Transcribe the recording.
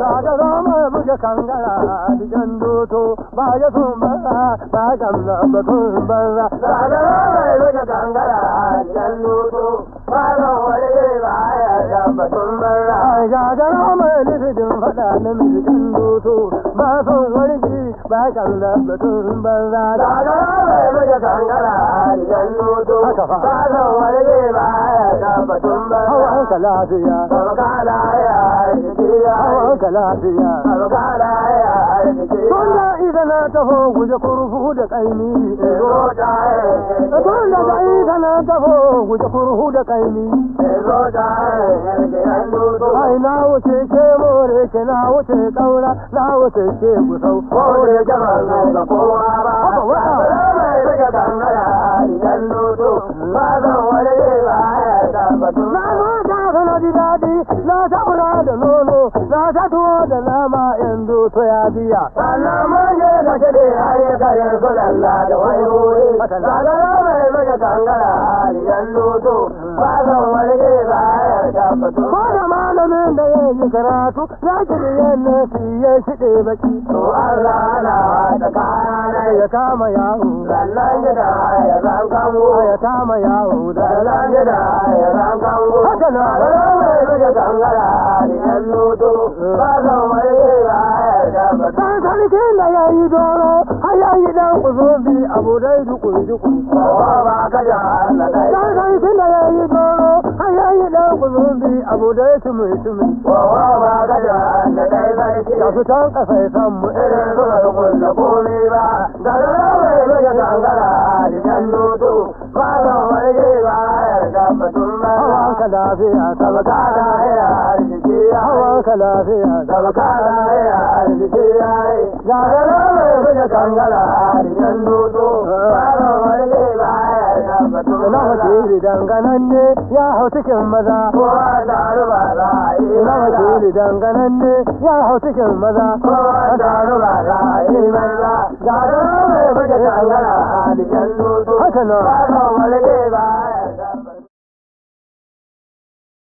రాజరామ భుజ కంగళాది జండూతో బాయ కుంభర బాగంబ కుంభర రాజరామ భుజ కంగళాది జండూతో బాయ batun barra faɗa na ba ba da batun barra gagara mai buga kankara a rigar doto ba da batun lafiya lafiya na taho guje da kaimi tunda ta na taho guje da kaimi ai na wuce ke more ke na wuce kaura na wuce ke gusau more jama'ar nan ga kowa ba ba mai rike kangara idan loto ba zan wani ne ba ya tabbatu na zo ta gano ji daɗi na ta kula da nono na ta tuwo da nama yanzu to ya biya sannan manje da kede har ya karyar kulalla da wayoyi sannan mai rike kangara idan loto ba zan wani ne ba ya ko da malamin da ya yi karatu ya kiri yanne su ya shiɗe baki to Allah na da kana ya kama yahu lallan gida ya zan kamo ya kama yahu lallan gida ya zan kamo haka na da mai rage gangara da yan lodo ba zan mai ba ya da ba sarkin da ya yi doro har ya yi dan kuzubi abu dai dukun dukun ba ba ka da Allah kuzubi abu da ya tumi tumi wa ba gada da dai barki da su tan kasai san mu irin zuwa rukun da komi ba da rawai da gangara da dodo ba da wani ba yarda batun ba hawa ka lafiya da lafiya da da da da dodo ina hoti yi dangananne ya hoti cikin maza kowa taru ba za a yi ina mace yi dangananne ya hoti cikin maza kowa taru ba za a yi maza ga don mai buga dangana a alijan tutu haka nan ba